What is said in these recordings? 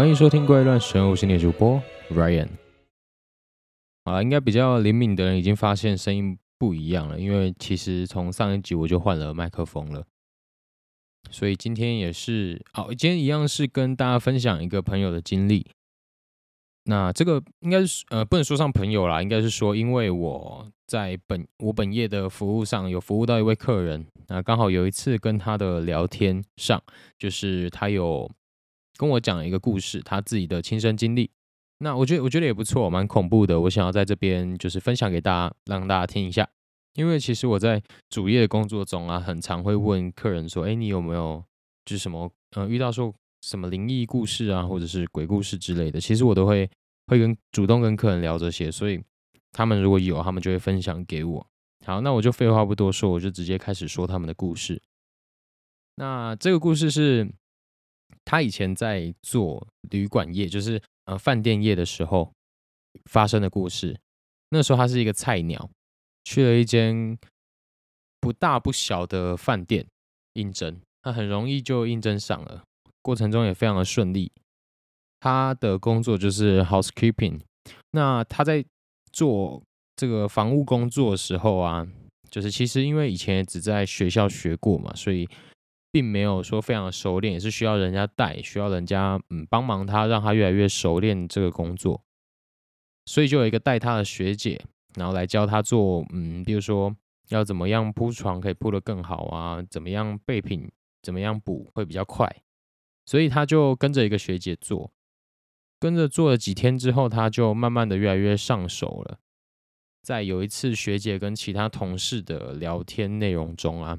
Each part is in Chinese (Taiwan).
歡迎收聽亂《怪誕神霧》系列主播 Ryan。好啦，應該比較靈敏的人已經發現聲音不一樣了，因為其實從上一集我就換了麥克風了，所以今天也是，好，今天一樣是跟大家分享一個朋友的經歷。那這個應該是呃，不能說上朋友啦，應該是說，因為我在本我本業的服務上有服務到一位客人，那剛好有一次跟他的聊天上，就是他有。跟我講了一個故事，他自己的親身經歷。那我覺得我覺得也不錯，蠻恐怖的。我想要在這邊就是分享給大家，讓大家聽一下。因為其實我在主業工作中啊，很常會問客人說：“哎，你有沒有就是什麼呃遇到說什麼靈異故事啊，或者是鬼故事之類的？”其實我都會會跟主動跟客人聊這些，所以他們如果有，他們就會分享給我。好，那我就廢話不多說，我就直接開始說他們的故事。那這個故事是。他以前在做旅館業，就是呃飯店業的時候發生的故事。那時候他是一個菜鳥，去了一間不大不小的飯店應徵，他很容易就應徵上了，過程中也非常的順利。他的工作就是 housekeeping。那他在做這個房務工作的時候啊，就是其實因為以前只在學校學過嘛，所以並沒有說非常熟練，也是需要人家帶，需要人家嗯幫忙他，讓他越來越熟練這個工作。所以就有一個帶他的學姐，然後來教他做，嗯，比如說要怎麼樣鋪床可以鋪得更好啊，怎麼樣備品，怎麼樣補會比較快。所以他就跟着一個學姐做，跟着做了幾天之後，他就慢慢的越來越上手了。在有一次學姐跟其他同事的聊天內容中啊，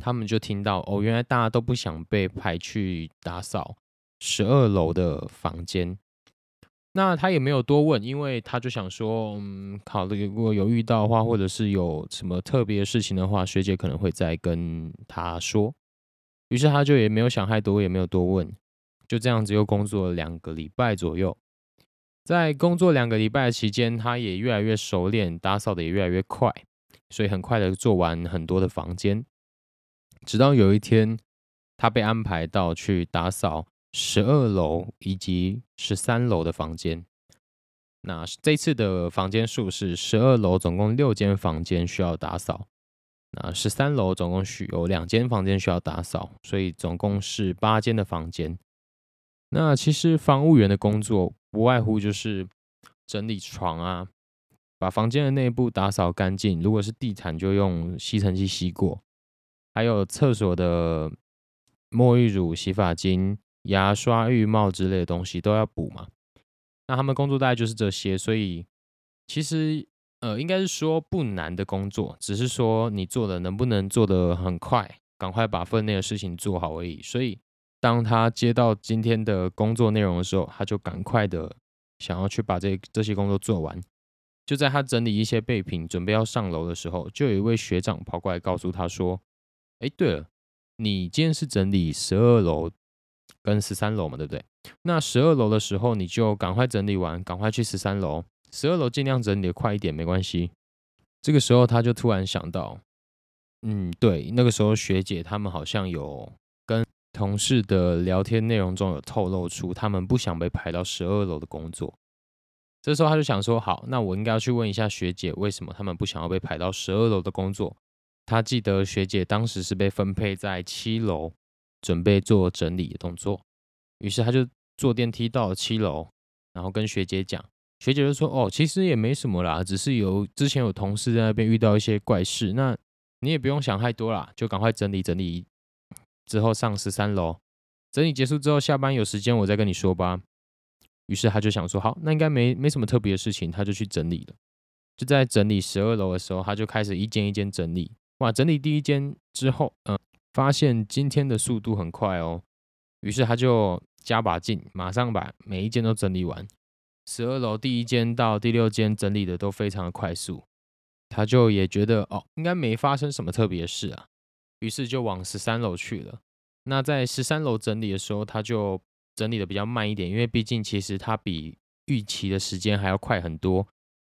他們就聽到哦，原來大家都不想被派去打掃十二樓的房間。那他也沒有多問，因為他就想說，嗯，考慮如果有遇到的話，或者是有什麼特別的事情的話，學姐可能會再跟他說。於是他就也沒有想太多，也沒有多問，就這樣子又工作了兩個禮拜左右。在工作兩個禮拜的期間，他也越來越熟練，打掃的也越來越快，所以很快的做完很多的房間。直到有一天，他被安排到去打掃十二樓以及十三樓的房間。那這次的房間數是十二樓，總共六間房間需要打掃；那十三樓總共需有兩間房間需要打掃，所以總共是八間的房間。那其實，房務員的工作不外乎就是整理床啊，把房間的內部打掃乾淨。如果是地毯，就用吸塵器吸過。還有廁所的沐浴乳、洗髮精、牙刷、浴帽之類的東西都要補嘛？那他們工作大概就是這些，所以其實呃，應該是說不難的工作，只是說你做的能不能做得很快，趕快把分內的事情做好而已。所以當他接到今天的工作內容的時候，他就趕快的想要去把這這些工作做完。就在他整理一些備品，準備要上樓的時候，就有一位學長跑過來告訴他說。哎，對了，你今天是整理十二樓跟十三樓嘛，對不對？那十二樓的時候，你就趕快整理完，趕快去十三樓。十二樓儘量整理的快一點，沒關係。這個時候，他就突然想到，嗯，對，那個時候學姐他們好像有跟同事的聊天內容中有透露出，他們不想被排到十二樓的工作。這時候他就想說，好，那我應該要去問一下學姐，為什麼他們不想要被排到十二樓的工作？他記得學姐當時是被分配在七樓，準備做整理的動作，於是他就坐電梯到了七樓，然後跟學姐講，學姐就說：“哦，其實也沒什麼啦，只是有之前有同事在那邊遇到一些怪事，那你也不用想太多啦，就趕快整理整理，之後上十三樓，整理結束之後下班有時間我再跟你說吧。”於是他就想說：“好，那應該沒沒什麼特別的事情。”他就去整理了，就在整理十二樓的時候，他就開始一間一間整理。哇！整理第一間之後，嗯、呃，發現今天的速度很快哦，於是他就加把勁，馬上把每一間都整理完。十二樓第一間到第六間整理得都非常的快速，他就也覺得哦，應該沒發生什麼特別的事啊，於是就往十三樓去了。那在十三樓整理的時候，他就整理得比較慢一點，因為畢竟其實他比預期的時間還要快很多，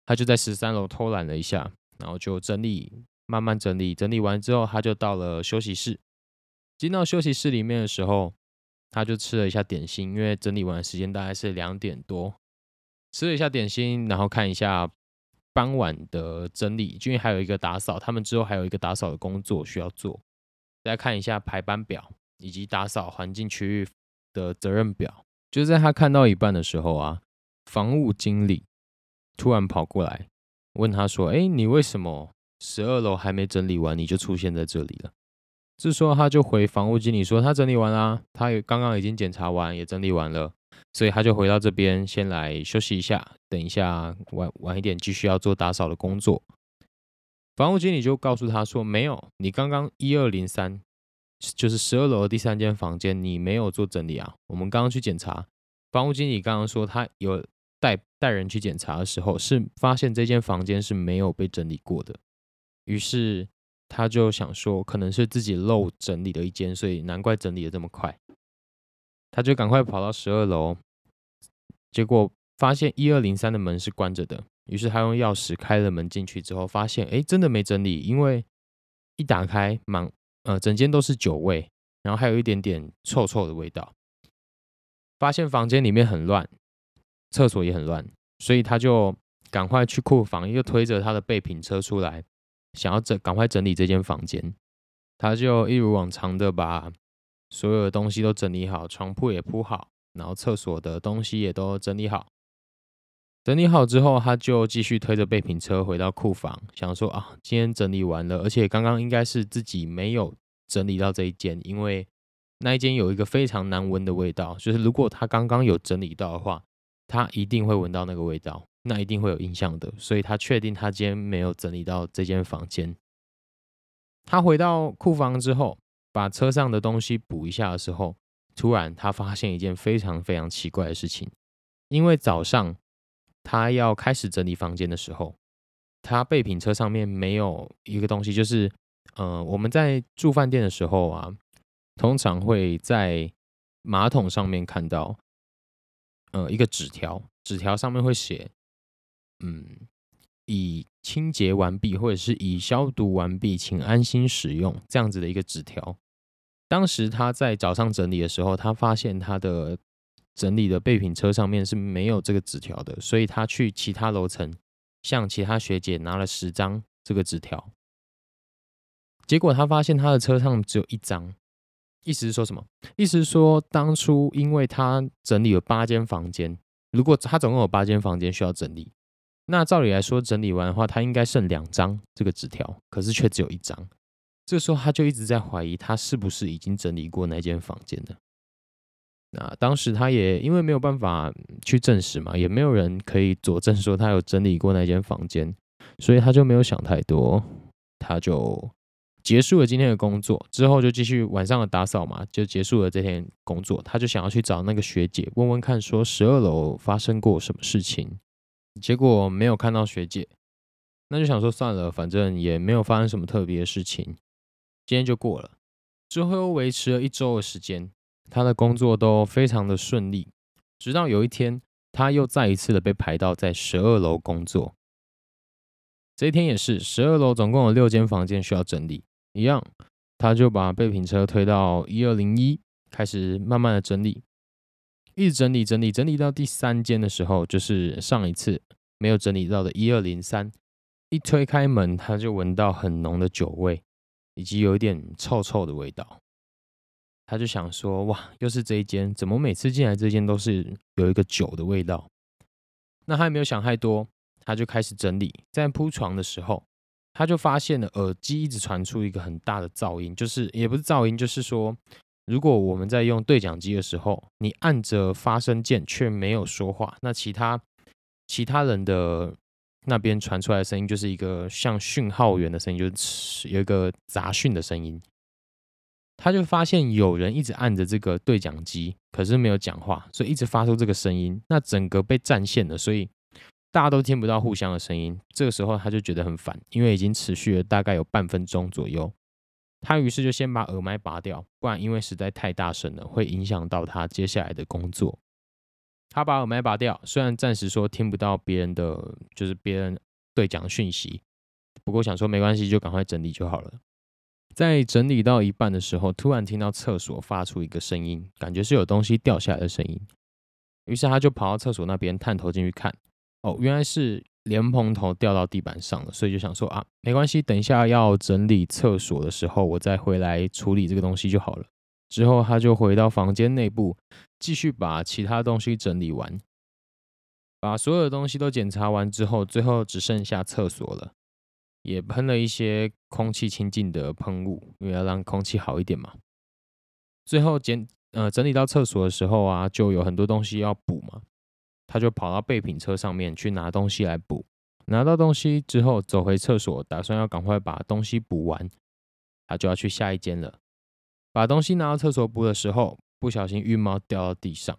他就在十三樓偷懶了一下，然後就整理。慢慢整理，整理完之後他就到了休息室。進到休息室裡面的時候，他就吃了一下點心，因為整理完的時間大概是兩點多。吃了一下點心，然後看一下傍晚的整理，因為還有一個打掃，他們之後還有一個打掃的工作需要做。再看一下排班表以及打掃環境區域的責任表。就在他看到一半的時候啊，房務經理突然跑過來問他說：“哎，你為什麼？”十二樓還沒整理完，你就出現在這裡了。這說他就回房屋經理說他整理完啦，他也剛剛已經檢查完，也整理完了，所以他就回到這邊先來休息一下，等一下晚晚一點繼續要做打掃的工作。房屋經理就告訴他說沒有，你剛剛一二零三就是十二樓的第三間房間，你沒有做整理啊。我們剛剛去檢查，房屋經理剛剛說他有帶帶人去檢查的時候，是發現這間房間是沒有被整理過的。於是他就想說，可能是自己漏整理的一間，所以難怪整理的這麼快。他就趕快跑到十二樓，結果發現一二零三的門是關着的。於是他用鑰匙開了門進去之後，發現哎，真的沒整理，因為一打開滿呃整間都是酒味，然後還有一點點臭臭的味道。發現房間裡面很亂，廁所也很亂，所以他就趕快去庫房，又推着他的備品車出來。想要整，趕快整理這間房間，他就一如往常的把所有的東西都整理好，床鋪也鋪好，然後廁所的東西也都整理好。整理好之後，他就繼續推着備品車回到庫房，想說啊，今天整理完了，而且剛剛應該是自己沒有整理到這一間，因為那一間有一個非常難聞的味道，就是如果他剛剛有整理到的話，他一定會聞到那個味道。那一定會有印象的，所以他確定他今天沒有整理到這間房間。他回到庫房之後，把車上的東西補一下的時候，突然他發現一件非常非常奇怪的事情。因為早上他要開始整理房間的時候，他備品車上面沒有一個東西，就是，呃，我們在住飯店的時候啊，通常會在馬桶上面看到，呃，一個紙條，紙條上面會寫。嗯，已清潔完畢，或者是已消毒完畢，請安心使用這樣子的一個紙條。當時他在早上整理的時候，他發現他的整理的備品車上面是沒有這個紙條的，所以他去其他樓層向其他學姐拿了十張這個紙條。結果他發現他的車上只有一張，意思是說什麼？意思是說當初因為他整理了八間房間，如果他總共有八間房間需要整理。那照理來說，整理完的話，他應該剩兩張這個紙條，可是卻只有一張。這個時候他就一直在懷疑，他是不是已經整理過那間房間的。那當時他也因為沒有辦法去證實嘛，也沒有人可以佐證說他有整理過那間房間，所以他就沒有想太多，他就結束了今天的工作，之後就繼續晚上的打掃嘛，就結束了這天工作。他就想要去找那個學姐問問看，說十二樓發生過什麼事情。結果沒有看到學姐，那就想說算了，反正也沒有發生什麼特別的事情，今天就過了。之後又維持了一周的時間，他的工作都非常的順利。直到有一天，他又再一次的被排到在十二樓工作。這一天也是，十二樓總共有六間房間需要整理，一樣，他就把備品車推到一二零一，開始慢慢的整理。一直整理整理整理到第三間的時候，就是上一次沒有整理到的一二零三。一推開門，他就聞到很濃的酒味，以及有一點臭臭的味道。他就想說：“哇，又是這一間，怎麼每次進來這間都是有一個酒的味道？”那他也沒有想太多，他就開始整理。在鋪床的時候，他就發現了耳機一直傳出一個很大的噪音，就是也不是噪音，就是說。如果我們在用對講機的時候，你按着發聲鍵卻沒有說話，那其他其他人的那邊傳出來的聲音就是一個像訊號源的聲音，就是有一個雜訊的聲音。他就發現有人一直按着這個對講機，可是沒有講話，所以一直發出這個聲音。那整個被佔線了，所以大家都聽不到互相的聲音。這個時候他就覺得很煩，因為已經持續了大概有半分鐘左右。他於是就先把耳麥拔掉，不然因為實在太大聲了，會影響到他接下來的工作。他把耳麥拔掉，雖然暫時說聽不到別人的，就是別人對講訊息，不過想說沒關係，就趕快整理就好了。在整理到一半的時候，突然聽到廁所發出一個聲音，感覺是有東西掉下來的聲音。於是他就跑到廁所那邊探頭進去看，哦，原來是。蓮蓬頭掉到地板上了，所以就想說啊，沒關係，等一下要整理廁所的時候，我再回來處理這個東西就好了。之後他就回到房間內部，繼續把其他東西整理完，把所有的東西都檢查完之後，最後只剩下廁所了，也噴了一些空氣清淨的噴霧，因為要讓空氣好一點嘛。最後檢呃整理到廁所的時候啊，就有很多東西要補嘛。他就跑到備品車上面去拿東西來補，拿到東西之後走回廁所，打算要趕快把東西補完，他就要去下一間了。把東西拿到廁所補的時候，不小心浴帽掉到地上。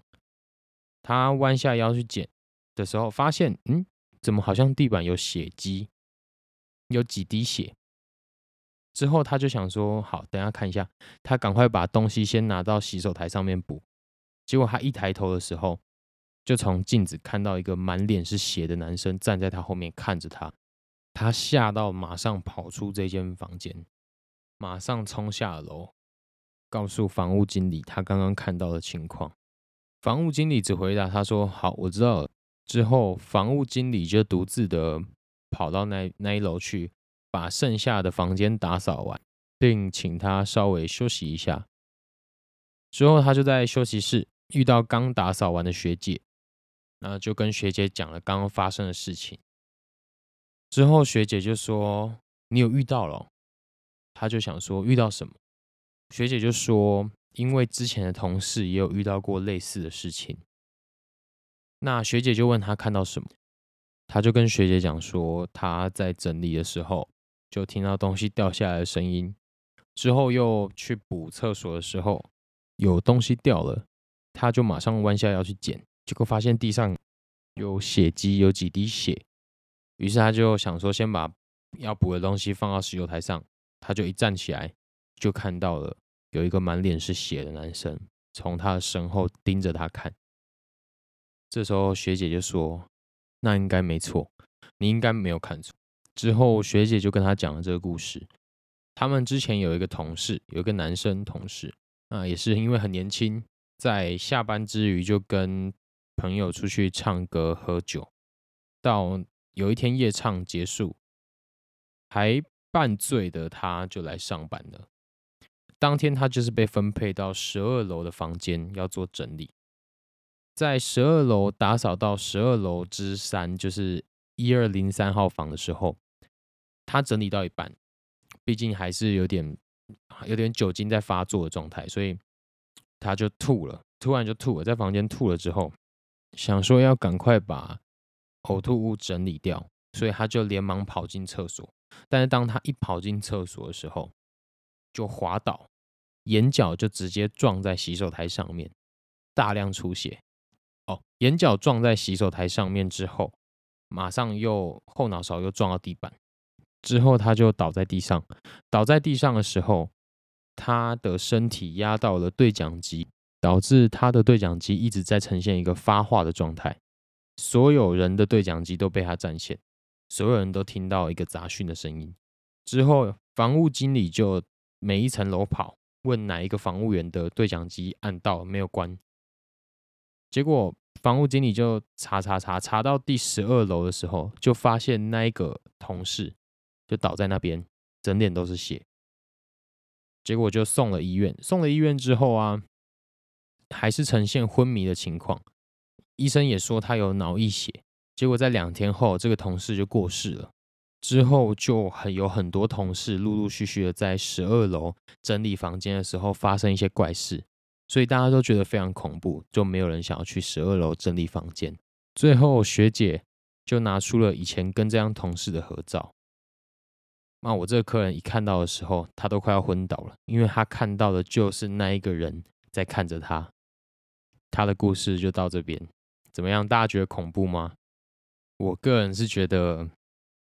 他彎下腰去撿的時候，發現嗯，怎麼好像地板有血跡，有幾滴血。之後他就想說，好，等一下看一下，他趕快把東西先拿到洗手台上面補。結果他一抬頭的時候，就從鏡子看到一個滿臉是血的男生站在他後面看着他，他嚇到馬上跑出這間房間，馬上衝下樓，告訴房屋經理他剛剛看到的情況。房屋經理只回答他說：“好，我知道了。”之後，房屋經理就獨自的跑到那那一樓去，把剩下的房間打掃完，並請他稍微休息一下。之後，他就在休息室遇到剛打掃完的學姐。那就跟學姐講了剛剛發生的事情，之後學姐就說你有遇到了哦，他就想說遇到什麼，學姐就說因為之前的同事也有遇到過類似的事情，那學姐就問他看到什麼，他就跟學姐講說他在整理的時候就聽到東西掉下來的聲音，之後又去補廁所的時候有東西掉了，他就馬上彎下腰去撿。結果發現地上有血跡，有幾滴血。於是他就想說，先把要補的東西放到洗手台上。他就一站起來，就看到了有一個滿臉是血的男生從他的身後盯着他看。這時候學姐就說：“那應該沒錯，你應該沒有看錯。”之後學姐就跟他講了這個故事。他們之前有一個同事，有一個男生同事啊，也是因為很年輕，在下班之餘就跟朋友出去唱歌喝酒，到有一天夜唱結束，還半醉的他，就來上班了。當天他就是被分配到十二樓的房間，要做整理。在十二樓打掃到十二樓之三，就是一二零三號房的時候，他整理到一半，畢竟還是有點，有點酒精在發作的狀態，所以他就吐了，突然就吐了，在房間吐了之後。想說要趕快把嘔吐、吐物整理掉，所以他就連忙跑進廁所。但是當他一跑進廁所的時候，就滑倒，眼角就直接撞在洗手台上面，大量出血。哦，眼角撞在洗手台上面之後，馬上又後腦勺又撞到地板，之後他就倒在地上。倒在地上的時候，他的身體壓到了對講機。導致他的對講機一直在呈現一個發話的狀態，所有人的對講機都被他佔線，所有人都聽到一個雜訊的聲音。之後，房務經理就每一層樓跑，問哪一個房務員的對講機按到沒有關。結果，房務經理就查查查，查到第十二樓的時候，就發現那一個同事就倒在那邊，整臉都是血。結果就送了醫院，送了醫院之後啊。還是呈現昏迷的情況，醫生也說他有腦溢血。結果在兩天後，這個同事就過世了。之後就很有很多同事陸陸續續的在十二樓整理房間的時候發生一些怪事，所以大家都覺得非常恐怖，就沒有人想要去十二樓整理房間。最後學姐就拿出了以前跟這樣同事的合照，那我這個客人一看到的時候，他都快要昏倒了，因為他看到的就是那一個人在看着他。他的故事就到這邊，怎麼樣？大家覺得恐怖嗎？我個人是覺得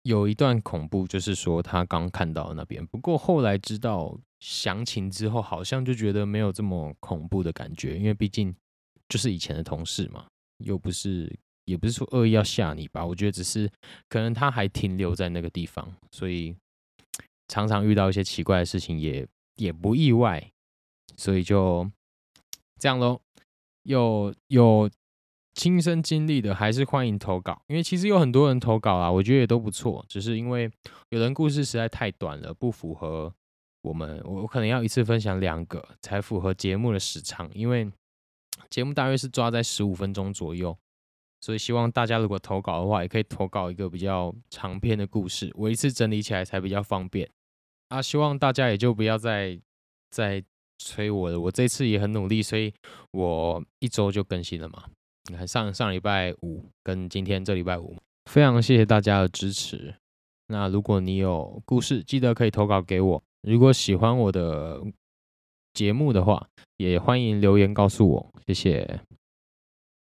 有一段恐怖，就是說他剛看到那邊，不過後來知道詳情之後，好像就覺得沒有這麼恐怖的感覺，因為畢竟就是以前的同事嘛，又不是，也不是說惡意要嚇你吧。我覺得只是可能他還停留在那個地方，所以常常遇到一些奇怪的事情，也也不意外，所以就這樣嘍。有有親身經歷的，還是歡迎投稿，因為其實有很多人投稿啊，我覺得也都不錯，只是因為有人故事實在太短了，不符合我們，我我可能要一次分享兩個才符合節目的時長，因為節目大約是抓在十五分鐘左右，所以希望大家如果投稿的話，也可以投稿一個比較長篇的故事，我一次整理起來才比較方便啊，希望大家也就不要再再。催我的，我這次也很努力，所以我一周就更新了嘛。你看上上禮拜五跟今天這禮拜五，非常謝謝大家的支持。那如果你有故事，記得可以投稿給我。如果喜歡我的節目的話，也歡迎留言告訴我。謝謝。